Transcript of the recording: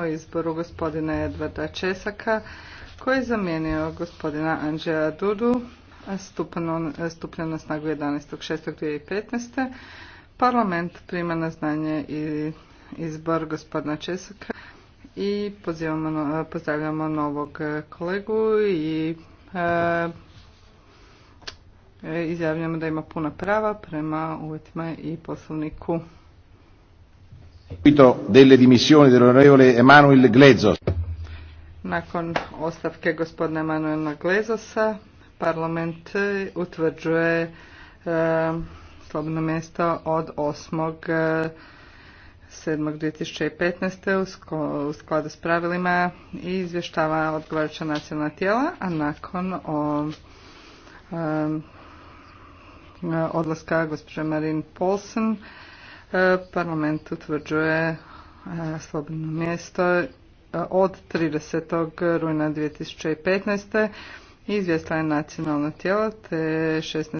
o izboru gospodina Edvarda Česaka koji je zamijenio gospodina Anđela Dudu stupanje na snagu 11.6.2015. Parlament prima na znanje i izbor gospodina Česaka i pozdravljamo novog kolegu i e, e, izjavljamo da ima puna prava prema uvjetima i poslovniku delle dimissioni dell'onorevole Emanuel Nakon ostavke gospodina Emanuela Glezosa, parlament utvrđuje slobno e, slobodno mjesto od 8. E, petnaest u skladu s pravilima i izvještava odgovarajuća nacionalna tijela, a nakon o, e, odlaska gospođe Marin Polsen E, parlament utvrđuje e, slobodno mjesto e, od 30. rujna 2015. i je nacionalno tijelo te 16.